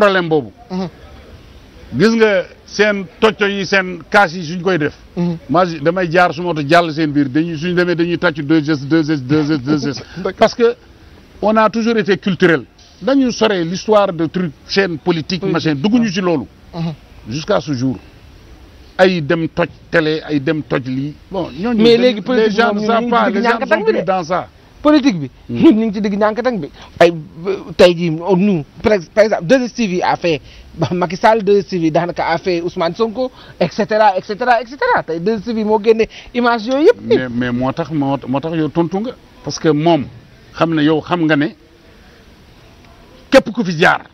problème boobu. gis nga seen tocco yi seen kaas yi suñ koy def. ma damay jaar su ma oto seen biir dañuy suñ demee dañuy tàcc parce que on a toujours été culturel. dañu soree l'histoire de truc chaîne politique machin dugguñu ci loolu. jusqu'à ce jour. ay dem toj télé ay dem toj lii. bon ñooñu. mais léegi les gens ne savent politique bi. ñun hmm. ñu ngi ci digg ñànkatang bi. ay tey jii oh, nous par exemple 2STV a fait Macky Sall 2STV daanaka a fait Ousmane Sonko et cetera et cetera et cetera tey 2 moo génne image yooyu yëpp. mais mais moo tax moo moo tax yow tontu nga. parce que moom xam ne yow xam nga ne képp ku fi jaar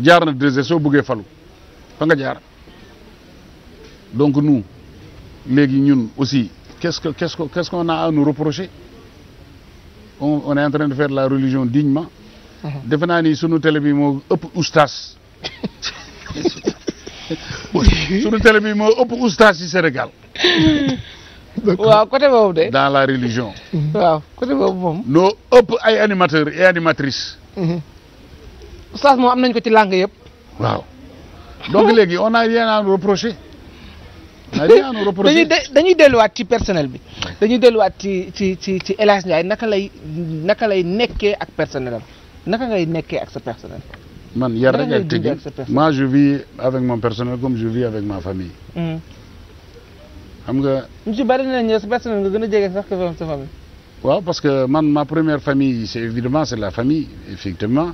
jaar na 2STV soo bëggee falu fa nga jaar donc nu léegi ñun aussi qu'est-ce que qu'est-ce que qu'est-ce a à reprocher. on on est en train de faire la religion dignement uh-huh. defe naa ni sunu télé bi moo ëpp oustaz sunu télé bi moo ëpp oustaz Sénégal. waaw côté boobu de. dans la religion. Uh-huh. waaw côté boobu moom. noo ëpp ay animateurs et animatrices. Uh-huh. oustaz moom am nañ ko ci langue yëpp. waaw donc léegi on a rien à dañuy dañuy delluwaat ci personnel bi dañuy delluwaat ci ci ci ci El Hadj naka lay naka lay nekkee ak personnel am naka ngay nekkee ak sa personnel. man yar rek ak tegi moi je vis avec mon personnel comme je vis avec ma famille. Hmm. xam nga. ñu ci bari nañ ne sa personnel nga gën a jege sax que sa famille. waaw parce que man ma première famille c'est évidemment c'est la famille effectivement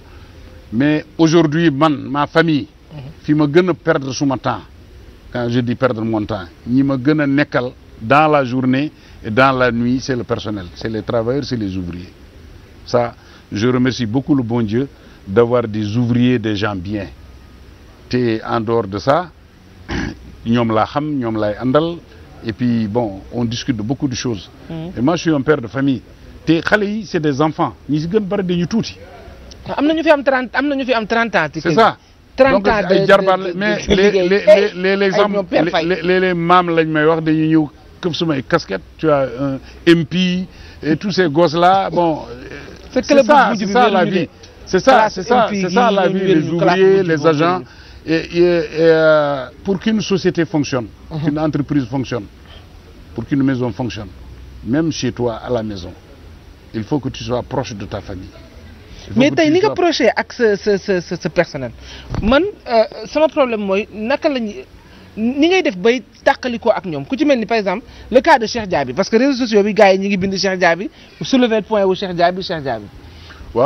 mais aujourd'hui man ma famille. Hmm. fi ma gën a perdre suma temps. quand je dis perdre mon temps ñi ma gën a nekkal dans la journée et dans la nuit c'est le personnel c'est les travailleurs c'est les ouvriers sa je remercie beaucoup le bon Dieu d'avoir des ouvriers des gens bien te en dehors de ça ñoom laa xam ñoom lay àndal e puis bon on discute de beaucoup de choses mm. et moi je suis un de famille te xale c'est des enfants ñi si gën bari dañu ñu fi am na ñu fi am trente ans c'est 30 ans de de mais les les exemple les les maam lañ may wax dañuy ñëw këf sumay casquette tu as un MP et tous ces gosses là bon. c'est ça la vie c'est ça c'est ça c'est la vie les ouvriers les agents et euh, pour qu'une société fonctionne. Uh-huh. qu'une entreprise fonctionne. pour qu'une maison fonctionne même chez toi à la maison il faut que tu sois proche de ta famille. mais tey ni nga projet ak sa sa sa sa personnel man euh, sama problème mooy naka lañ ni ngay def bay ko ak ñoom ku ci mel ni par exemple le cas de Cheikh Diaby parce que réseaux sociaux bi gars yi ñu ngi bind Cheikh Diaby soulever point wu Cheikh Diaby Cheikh Diaby.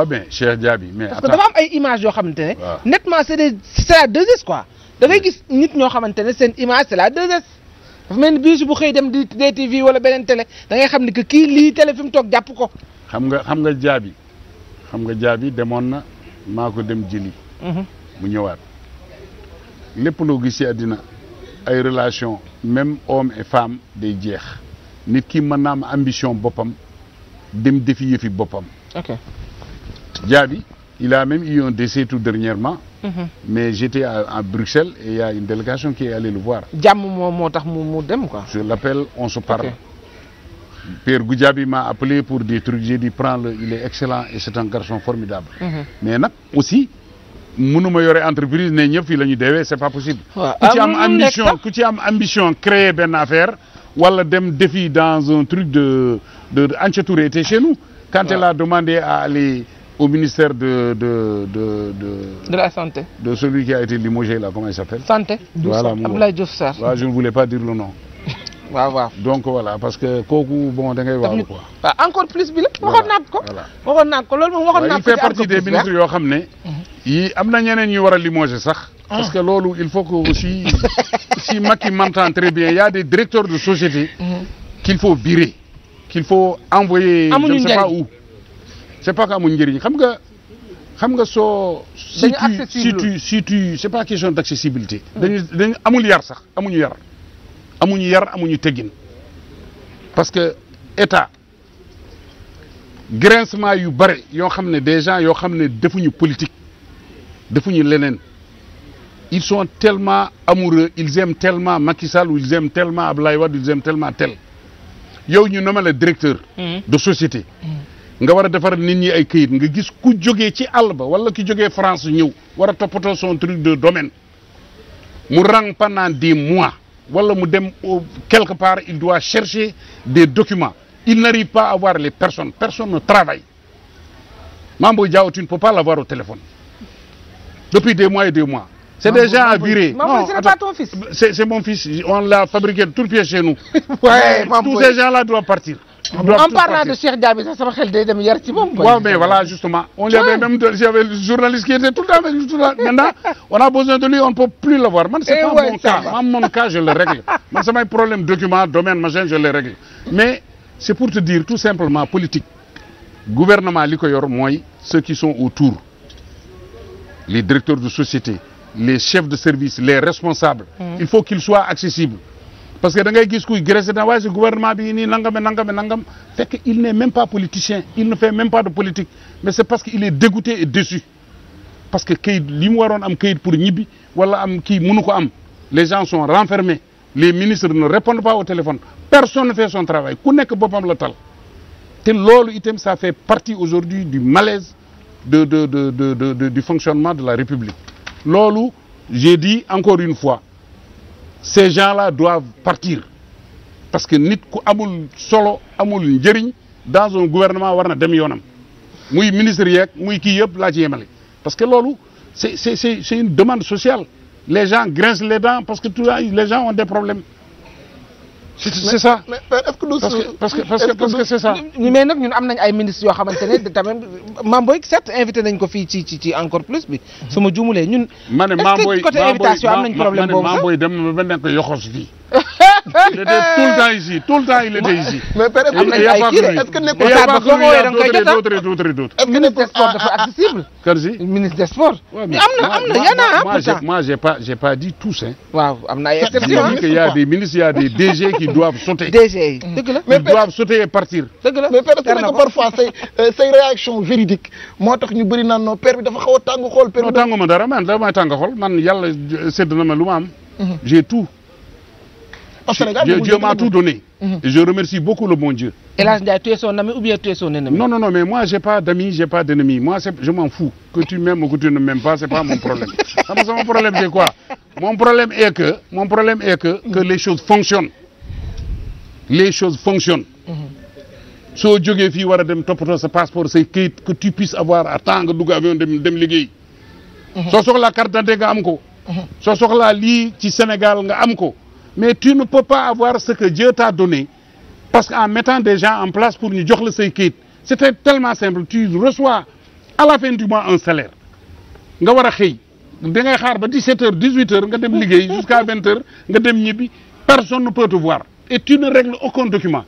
mais Cheikh Diaby mais. parce que dafa am ay images yoo xamante ne. nettement c' est des c' est la 2S quoi. da gis nit ñoo xamante ne seen image c' est la 2S. dafa mel ni bii bu xëy dem di DTV wala beneen télé dangay ngay xam ni que kii lii télé fi mu toog jàpp ko. xam nga xam nga Diaby. xam nga jaabi demoon na maa ko dem jëli. Mhm. mu ñëwaat lépp loo gis ci àddina ay relation même homme et femme day jeex nit ki mën naa am ambition boppam dem defi yëfi boppam. ok jaabi il a même eu un décès tout dernièrement. Mhm. mais j'étais à Bruxelles et il a une délégation qui est allée voir. jàmm moom moo tax mu mu dem quoi. je l'appelle on se parle. Pierre Goudiaby m'a appelé pour des trucs j'ai dit prends-le il est excellent et c'est un garçon formidable. Mhm. mais nag aussi mënuma yore entreprise ne ñëpp fii la ñu deewee c'est pas possible. ku ci am ambition ku benn affaire wala dem défi dans un truc de de Ancha Touré était chez nous. quand elle a demandé à aller au ministère de de de de. de la santé. de celui qui a été limogé là comment il s'appelle. santé Diouf Sarr je ne voulais pas dire le nom. waaw waaw donc voilà parce que kooku bon da ngay waaw quoi. waaw encore plus bi la. waxoon naa ko waxoon naa ko loolu moom waxoon naa ko. il fait partie des ministres yoo xam ne. Mhm. yii am na ñeneen ñu war a limoger sax. Ah. parce que loolu il faut que si si Macky m'entend très bien y a des directeurs de société. Mhm. qu'il faut virer. qu'il faut envoyer. amuñu njëriñ je ne sais pas où. c'est pas que amuñu njëriñ xam nga. xam nga soo. dañu accessible si tu si tu c'est pas question d'accessibilité. Mhm. dañu dañu amul yar sax amuñu yar. amuñu yar amuñu teggin parce que état grincement yu bare yoo xam ne des yoo xam ne defuñu politique defuñu leneen ils sont tellement amoureux ils aiment tellement Macky Sall ou ils aiment tellement ab Wade ils aiment tellement tel yow ñu nommé le directeur. Mm-hmm. de société. Mm-hmm. nga war a defar nit ñi ay këyit nga gis ku jógee ci àll ba wala ki jógee France ñëw war a toppatoo son de domaine mu rang pendant di mois. wala mu dem quelque part il doit chercher des documents il n'arrive pas à les personnes personne ne travaille Mame Boye Diao tu ne peux pas au téléphone depuis des mois et des mois c'est des gens à virer non c'est mon fils on l'a fabriqué de toutes pièces chez nous ouais, tous ces gens-là doivent partir en parlant de Cheikh Diaby sama xel day dem yar ci justement. on lui journaliste qui était tout le temps on a besoin de lui on ne peut plus le voir man c'est eh pas mon cas je le règle samay problème document domaine machin je le règle mais c'est pour te dire tout simplement politique gouvernement li ko yor mooy ceux qui sont autour les directeurs de société les chefs de service les responsables mm. il faut qu'ils soient accessibles parce que dangay gis kuy graisser na waaye si gouvernement bi nii nangam nangam nangam fekk il n'est même pas politicien il ne fait même pas de politique mais c'est parce que il est dégoûté et déçu parce que kayit li mu waroon am kayit pour ñibbi wala am kii mënu ko am les gens sont renfermés les ministres ne répondent pas au téléphone personne ne fait son travail ku nekk boppam la tal te loolu itam ça fait partie aujourd'hui du malaise de de de de du fonctionnement de la République loolu j'ai dit encore fois ces gens la doivent partir parce que nit ku amul solo amul njëriñ dans un gouvernement war na dem yoonam muy ministre yeeg muy kii yëpp laa ci yemale parce que loolu c'est une demande sociale les gens grincent les dents parce que tout les gens ont des problèmes c' est ça mais mais est ce que parce que parce que parce que c' est ça. mais nag ñun am nañ ay ministres yoo xamante ne tamit Mamboy certes invité nañ ko fii ci ci ci encore plus bi. su ma juumulee ñun. ma ne Mamboy est ce que côté invitation am nañ problème boobu sax ma ne Mamboy dem na ba nekk yoxos fii. il était tout le temps ici tout le temps il était ici. mais peut être am nañu si ministre des am na am na y a ah pourtant. moi am na ay exceptions ah. a des ministres y mais ils doivent sauter et partir. dëgg euh, moo tax ñu bëri naan non père bi dafa xaw xool. père bi ma dara man dama tàng xool man yàlla sédd na ma lu ma am. Mhm. tout. au Sénégal Dieu, Dieu m'a tout donné. Mm -hmm. Et je remercie beaucoup le bon Dieu. Et là, tu mais j'ai pas d'amis, j'ai pas d'ennemis. Moi, je m'en fous. Que tu m'aimes ou que tu ne m'aimes pas, c'est pas mon problème. ça, mon problème, c'est quoi Mon problème est que, mhm. les choses fonctionnent. Les choses fonctionnent. Mhm. soo jógee fii war a dem toppatoo sa passeport que tu puisses avoir à temps nga dugg avion dem dem liggéey. Mhm. soo soxlaa carte nga am ko. soo soxlaa lii ci Sénégal nga am ko. mais tu ne peux pas avoir ce que Dieu t'a donné parce qu'en mettant des gens en place pour ñu jox la say kayit c'était tellement simple tu reçois à la fin du mois un salaire nga war a xëy da ngay xaar ba 17 heures 18 heures nga dem liggéey jusqu'à 20 heures nga dem ñibbi personne ne peut te voir et tu ne règles aucun document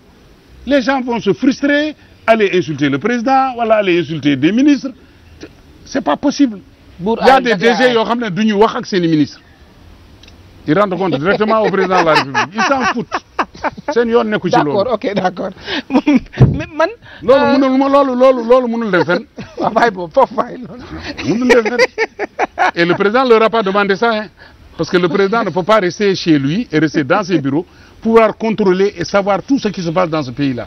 les gens vont se frustrer aller insulter le président wala aller insulter des ministres c'est pas possible il y a des DG yoo xam ne du ñu wax ak seen il rend compte directement au président la république il s'en fout seen yoon nekku ci loolu. d'accord ok d'accord man. loolu euh, mënul ma loolu loolu ah, loolu mënul dem fenn. et le président leur a pas demandé ça hein parce que le président ne peut pas rester chez lui et rester dans ses bureaux pouvoir contrôler et savoir tout ce qui se passe dans ce pays la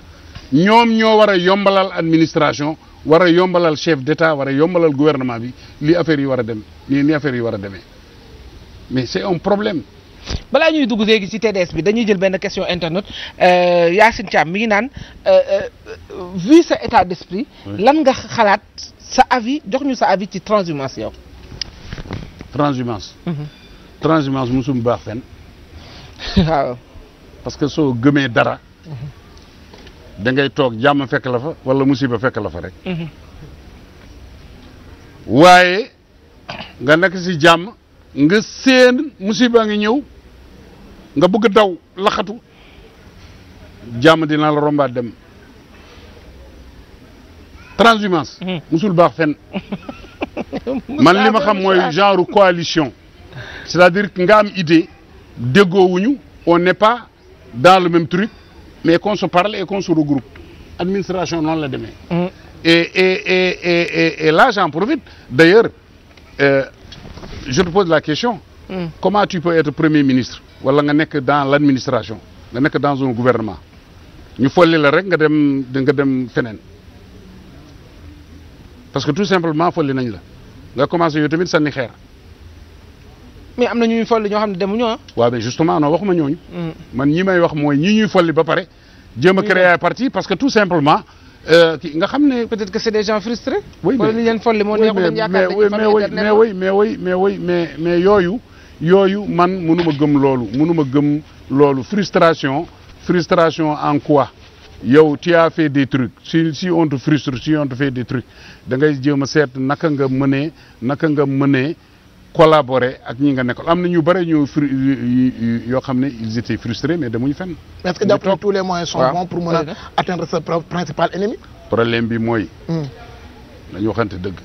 ñoom ñoo war a yombalal administration war a yombalal chef d'État war yombalal gouvernement bi li affaire yi war a demee nii ni yi war a demee. mais c'est un problème. balaa ñuy dugg léegi ci TDS bi dañuy jël benn question internet euh, Yacine Thiam mi ngi naan euh, euh, vu sa état d'esprit. lan nga xalaat sa avis jox ñu sa avis ci transhumance yow. transhumance. Mhm. transhumance musum baax fenn. que soo gëmee dara. Mhm. da ngay toog jàmm fekk la fa wala musiba fekk la fa mhm. jàmm. nga séen musiba ngi ñëw nga bëgg daw laxatu jàmm dina la rombaat dem transhumance mm-hmm. musul baax fen man li ma xam mooy genre coalition c'est-à-dire que nga am idée déggoowuñu on n'est pas dans le même truc mais qu'on se parle et qu'on se regroupe administration noonu la demee e et et et et là j'en profite d'ailleurs euh, je te pose la question. Mm. comment tu peux être premier ministre. wala nga nekk dans l' administration. nga nekk dans un gouvernement. ñu folli la rek nga dem nga dem feneen. parce que tout simplement folli nañ la. nga commencé yow tamit sànni xeer. mais am na ñu ñuy folli ñoo xam ne demuñu ah. waaw mais justement non waxuma ñooñu. Hmm. man ñii may wax mooy ñii ñuy folli ba pare. jéem a créer parti parce que tout simplement. Euh, kii nga xam ne peut-être que c'est des gens frustrés. oui mais wala li leen folli moo neexu dañu yaakaar dañuy faru mais oui mais mais mais yooyu. yooyu man ma gëm loolu mënuma gëm loolu frustration frustration en quoi yow tu as fait si si on te frustre si on te fait des trucs da ngay jéem a seet naka nga mënee naka nga mënee. collaborer ak ñi nga nekk am na ñu bëri ñu fru yoo xam ne ils étaient frustrés mais demuñu fenn. est-ce que jàpp tous les moyens sont bons pour mën a atteindre sa principal ennemi. problème bi mooy. dañu hmm. waxante dëgg.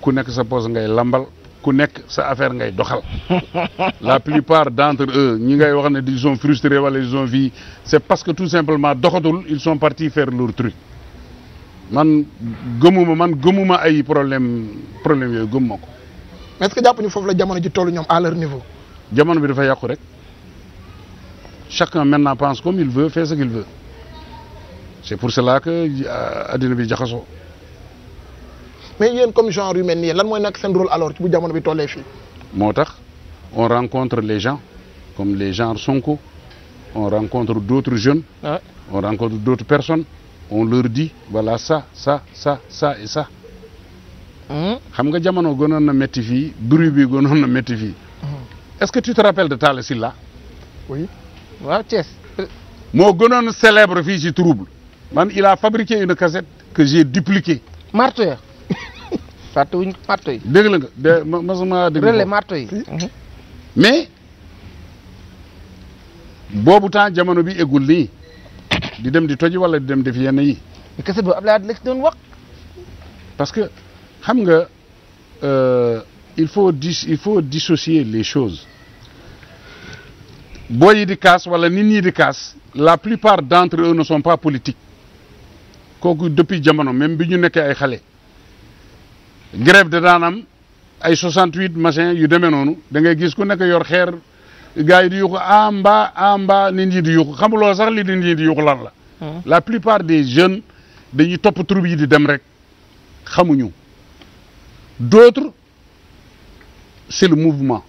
ku nekk sa poste ngay lambal. ku nekk sa affaire ngay doxal la plupart d'entre eux ñi ngay wax ne ils son frustrés wala ils ont vie c'est parce que tout simplement doxatul ils son partis faire leur truc man gëmuma man gëmuma ay problème problème yooyu gëmuma ko mais est-ce que jàpp ñu foofu la jamono ji toll ñoom a leur niveau. jamono bi dafa yàqu rek chacun maintenant pense comme il veut fait ce qu'il veut c'est pour cela que euh, addina bi jaxasoo. mais yéen comme genre yu mel nii lan mooy nekk seen rôle alors ci bu jamono bi tollee fii. moo tax on rencontre les gens comme les genres Sonko on rencontre d'autres jeunes. Ouais. Ah. on rencontre d'autres personnes on leur di voilà ça ça ça ça et ça. xam nga jamono gënoon na métti fii bruit bi gënoon na métti fii. Mhm. est-ce que tu te rappelles de Talla Sylla. oui moo gënoon célèbre fii ci trouble man il a fabriqué une cassette que j'ai dupliquée. marto ya fàttewuñ marto yi. dégg la nga de mhm. mais boobu temps jamono bi egul nii di dem di toji wala di dem def yenn yi. mais cassette boobu Abdoulaye Wade la doon wax. parce que. xam nga euh, il faut dis il faut dissocier les choses boo yi di kaas wala nit ñi di kaas la plupart d'entre eux ne sont pas politique kooku depuis jamono même bi ñu nekkee ay xale grève de daanam ay 68 machin yu demee noonu da ngay gis ku nekk yor xeer gars yi di yuuxu ah mbaa ah mbaa nit ñi di yuuxu xamuloo sax li nit ñi di yuuxu lan la. Hmm. la plupart des jeunes dañu topp troupe yi di dem rek xamuñu. D'autres, c'est le mouvement.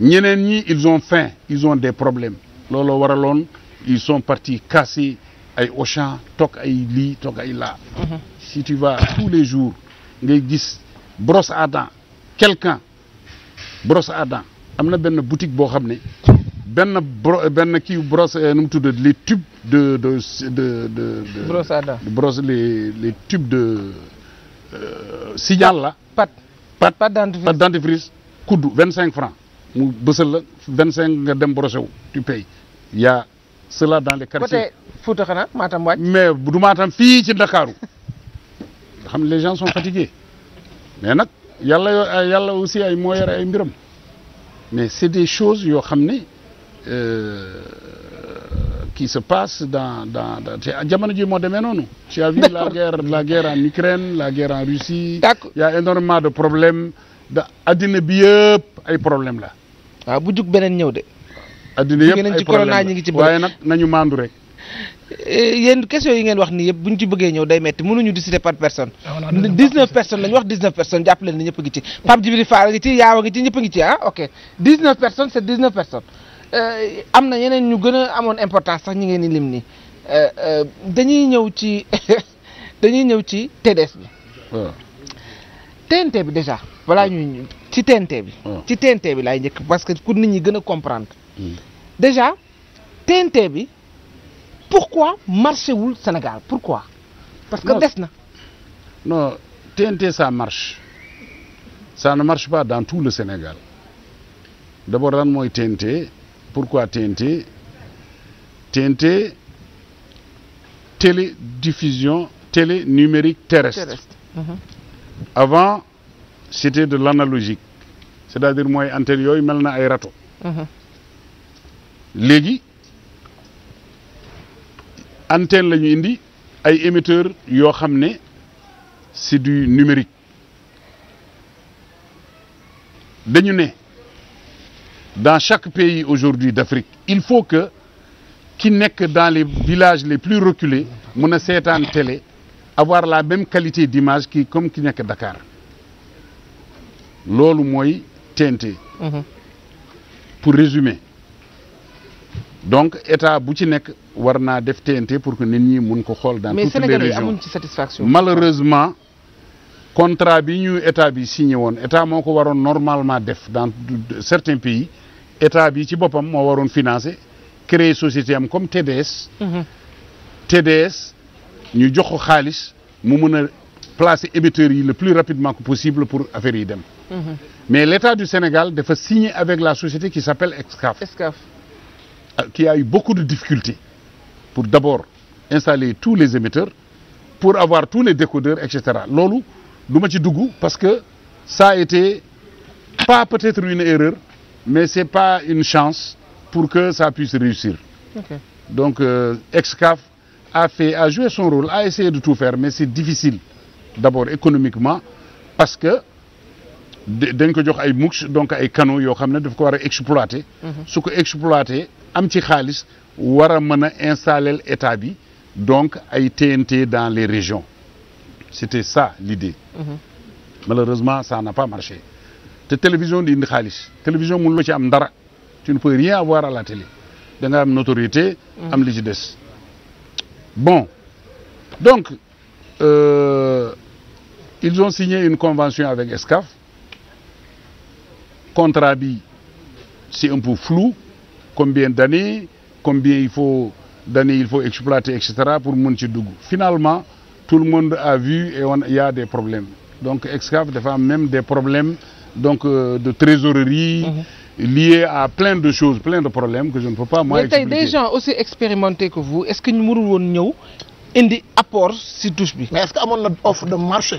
ñeneen ñi ils ont faim ils ont des problèmes looloo waraloon ils sont partis casser ay Auchan toog ay lii toog ay laa. si tu vas tous les jours ngay gis brosse à dents quelqu'un brosse à dents am na benn boutique boo xam ne benn benn kii brosse euh, nu mu tudd les tubes de de de de. brosse à dents brosse les les de. Euh, signal la. pat pat pat dentifrice pat kuddu vingt cinq francs mu bësal la nga dem brosser tu payes y a cela dans les quartiers. côté Fouta xanaa Matam wàcc. mais du Matam fii ci Ndakaaru nga xam ne les gens sont fatigués mais nag yàlla yàlla aussi ay moo yore ay mbiram mais c'est des choses yoo xam ne. Euh, qui ji moo demee noonu. tu as vu la guerre en Ukraine la guerre en Russie. d'accord y de problèmes da bi yëpp ay problème la. waaw ah, bu jug beneen ñëw de. addina yëpp ay problème la waaye nañu maandu rek. Eh, yéen question yi ngeen wax nii yëpp bu ñu ci bëggee ñëw day metti mënuñu di citer par personne. Ah, dix neuf personnes lañ wax dix neuf personnes jàpp leen ni ñëpp a ngi ci. Pape Djibril Fall a ngi ci Yaaw a ngi a ah ok dix neuf personnes c'est Euh, am na yeneen ñu gën a amoon importance sax ñi ngeen ni lim nii euh, euh, dañuy ñëw ci dañuy ñëw ci TDS bi. TNT ah. bi déjà balaa ñuy ci TNT bi. Ah. ci TNT bi laay njëkk parce que pour nit ñi gën a comprendre. Hmm. déjà TNT bi pourquoi marché wul Sénégal pourquoi. parce que des na. non TNT ça marche ça ne marche pas dans tout le Sénégal d'abord lan mooy TNT. Pourquoi TNT TNT télédiffusion télé numérique terrestre. terrestre. Uh mm-hmm. -huh. Avant c'était de l'analogique c'est-à-dire mooy antenne yooyu mel na ay rato. Mm-hmm. léegi antenne la ñu indi ay émetteurs yoo xam ne c'est du numérique dañu ne. dans chaque pays aujourd'hui d'Afrique il faut que ki nekk dans les village les plus reculés mun a seetaan télé avoir la même qualité d'image ki comme ki nekk Dakar loolu mooy TNT mhm. pour résumer donc état bu ci nekk war naa def TNT pour que nit ñi mun ko xool dans toutes les régions amuñ malheureusement contrat bi ñu état bi signé woon état moo ko waroon normalement def dans certains pays état bi ci boppam moo waroon financer créer société am comme TDS. Mhm. TDS ñu jox ko xaalis mu mën a placer émetteurs yi le plus rapidement que possible pour affaire yi dem. Mhm. mais l' du Sénégal dafa signer avec la société qui s' appelle Excaf. Excaf ah, qui a eu beaucoup de difficultés pour d' abord installer tous les émetteurs pour avoir tous les décodeurs et cetera loolu du ma ci dugg parce que ça a été pas peut-être une erreur. mais c'est pas une chance pour que ça puisse réussir. Okay. Donc euh, Excaf a fait, a joué son rôle, a essayé de tout faire, mais c'est difficile. D'abord économiquement, parce que dañ ko jox ay mux donc ay canaux yoo xam ne daf ko war a exploiter. Mhm. su ko exploiter am ci xaalis war a mën a installer état bi donc ay TNT dans les régions c'était ça l'idée. Mhm. Malheureusement ça n'a pas marché. te télévision di indi xaalis télévision mënuloo ci am dara tu ne peux rien avoir à la télé da am notoriété. Mm. am li ci des. bon donc euh, ils ont signé une convention avec Escaf contrat bi c'est un peu flou combien d'années combien il faut d'années il faut exploiter et cetera pour mën ci dugg finalement tout le monde a vu et on y a des problèmes donc Escaf dafa am même des problèmes. donc euh, de trésorerie. Mm -hmm. liée à plein de choses plein de problèmes que je ne peux pas. moi expliquer mais expérimentés que vous est-ce que ñu mënul woon ñëw indi apport si touche bi. mais est-ce que amoon na offre de marché.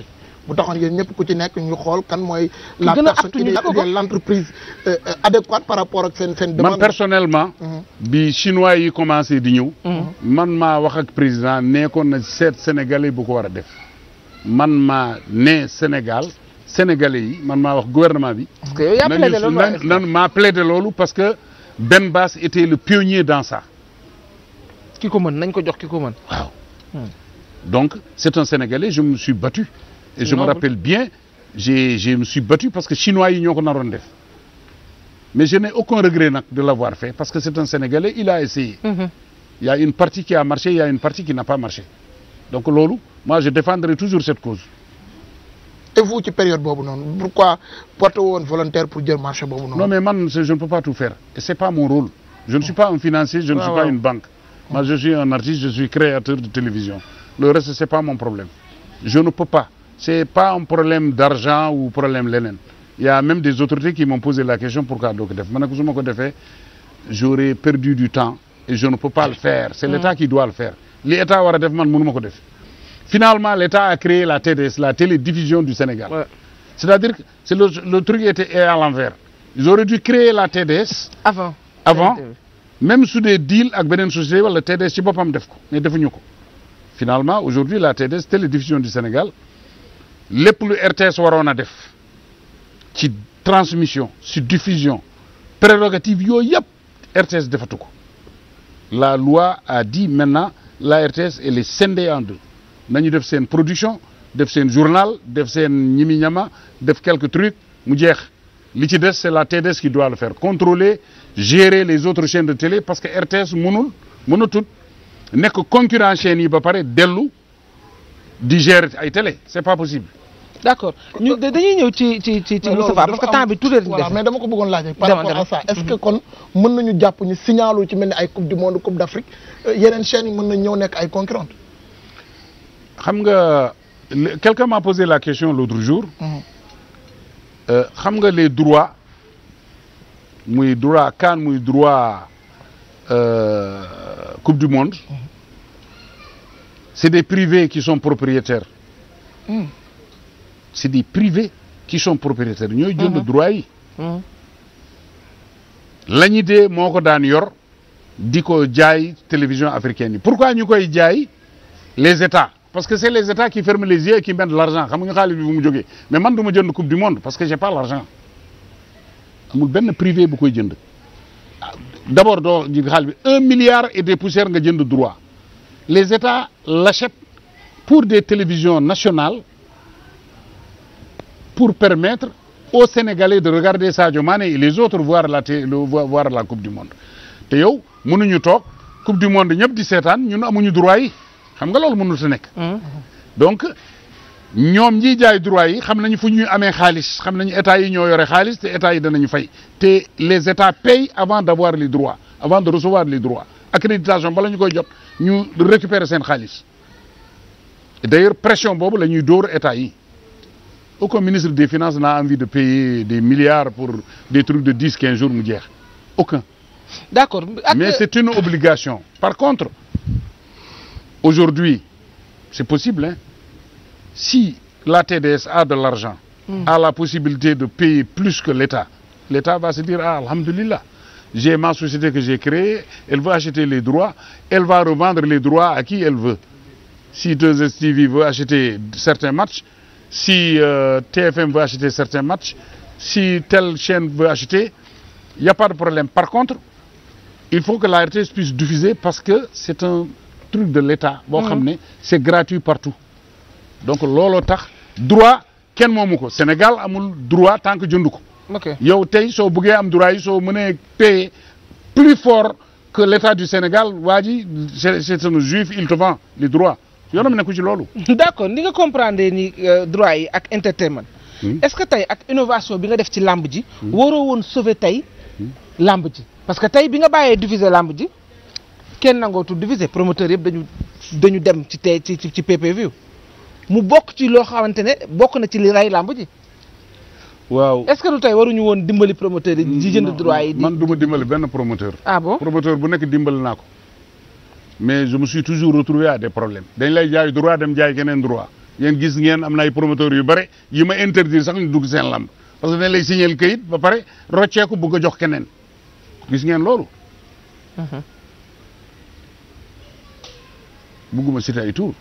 bu taxoon yéen ñëpp ku ci nekk ñu xool kan mooy. la personne idéale l'entreprise euh, adéquate par rapport ak seen seen. demande ma personnellement. Mhm. bi chinois y commencé di ñëw. Mhm. man maa wax ak président nekkoon na seet sénégalais bu ko war a def. man ma ne Sénégal sénégalais yi man maa wax gouvernement bi. parce que yow loolu nan parce que Ben Bass était le pionnier dans sa ki ko mën nañ ko jox ki ko mën. waaw hmm. donc c' est un sénégalais je me suis battu. et je me rappelle bien j'ai je me suis battu parce que chinois yi ñoo ko naroon def. mais je n'ai aucun regret nag de l'avoir fait parce que c'est un sénégalais il a essayé. Mmh. il y a une partie qui a marché il y a une partie qui n'a pas marché donc loolu je défendrai et ci période boobu noonu pourquoi porté woon pour jël marché boobu noonu. mais man je ne peux pas tout faire et c'est pas mon rôle. je ne suis pas un financier je ne suis pas une banque. moi je suis un artiste je suis créateur de télévision le reste c'est pas mon problème. je ne peux pas c'est pas un problème d'argent ou problème leneen il y a même des autorités qui m'ont posé la question pourquoi doo ko def ma ne ko ma ko defee j'aurais perdu du temps et je ne peux pas le faire c'est mm. l'État qui doit le faire li war a def man mënu ma ko def. Finalement, l'État a créé la TDS, la télédiffusion du Sénégal. Ouais. C'est-à-dire que c'est le, le, truc était à l'envers. Ils auraient dû créer la TDS. Avant. Avant. Même sous des deals avec Benen Société, la TDS, c'est pas mais Finalement, aujourd'hui, la TDS, télédiffusion du Sénégal, les plus RTS Warona Def, qui transmission, sur diffusion, prérogative, yo, yep, RTS Defatuko. La loi a dit maintenant, la RTS, elle est scindée en deux. nañu def seen production def seen journal def seen ñimi ñama def quelques trucs mu jeex li ci des c'est la TDS qui doit le faire contrôler gérer les autres chaînes de télé parce que RTS mënul mënatut nekk concurrent chaînes yi ba pare dellu di gérer ay télé c'est pas possible. d'accord dañuy ñëw ci ci parce que temps bi par rapport à ça est-ce que kon mën nañu jàpp ñu signaler ci mel ni ay coupe du monde coupe d'Afrique euh, yeneen chaînes yi mën nañu ñëw nekk ay concurrentes xam nga quelqu'un m'a posé la question l'autre jour. Mhm. Euh, xam nga les droits muy droit CAN muy droit euh, coupe du monde. Mhm. c'est des privés qui sont propriétaires. Mhm. c'est des privés qui sont propriétaires ñooy jënd droit yi. la ñu dee moo ko daan yor di ko jaay télévision africaine yi pourquoi ñu koy jaay les parce que c'est les États qui ferment les yeux et qui mettent l'argent xam nga xaalis bi bu mu jógee mais man du ma jënd coupe du monde parce que j'ai pas l'argent amul benn privé bu koy jënd d'abord doo ji xaalis bi un milliard et des poussières nga jënd droit les États l'achètent pour des télévisions nationales pour permettre au Sénégalais de regarder Sadio Mané et les autres voir la té la coupe du monde te yow mënuñu toog coupe du monde ñëpp di seetaan ñun amuñu droit yi xam nga loolu mënut a nekk. Mm-hmm. donc ñoom ñiy jaay droit yi xam nañu fu ñuy amee xaalis xam nañu état yi ñoo yore xaalis te état yi danañu fay te les états payent avant d' avoir les droits avant de recevoir les droits accréditation bala ñu koy jot ñu récupérer seen xaalis d' ailleurs pression boobu la ñuy dóor état yi. aucun ministre des finances n'a envie de payer des milliards pour des trucs de dix quinze jours mu jeex aucun. d' accord mais c' est une obligation par contre. Aujourd'hui, c'est possible, si la TDS a de l'argent, mmh. a la possibilité de payer plus que l'État, l'État va se dire, ah, alhamdulillah, j'ai ma société que j'ai créée, elle va acheter les droits, elle va revendre les droits à qui elle veut. Si 2STV veut acheter certains matchs, si euh, TFM veut acheter certains si telle chaîne veut acheter, il n'y a pas de problème. Par contre, il faut que la RTS puisse diffuser parce que c'est truc de l'État boo xam mm. ne c'est gratuit partout donc looloo tax droit kenn moomu ko Sénégal amul droit tant que jënd ko yow tey soo buggee am droit yi soo mënee payer plus fort que l'État du Sénégal waa ji c'est un juif il te vend les droits yoonam nekku ci loolu d'accord ni nga comprendre ni euh, droit yi ak entertainment hmm. est-ce que tey ak innovation bi nga def ci làmb ji hmm. waroo woon sauver tey hmm. lamb ji parce que tey bi nga bàyyee diviser làmb ji kenn nangootul diviser promoteur yëpp dañu dañu dem ci tey ci ci PPV mu bokk ci loo xamante ne bokk na ci li ray làmb ji. waaw est-ce que lu tey ñu woon dimbali promoteur yi. di mm, jënd droit yi man du ma dimbali benn promoteur. ah bon promoteur nekk dimbali naa ko. mais je me suis toujours retrouvé des problèmes. dañ lay jaay droit dem jaay keneen droit yéen gis ngeen am na ay promoteurs yu bare yi ma interdire sax ñu dugg seen làmb parce que dañ lay signaler këyit ba pare roccee ko bëgg a jox keneen gis ngeen loolu. Mm-hmm. bugguma citer ay tour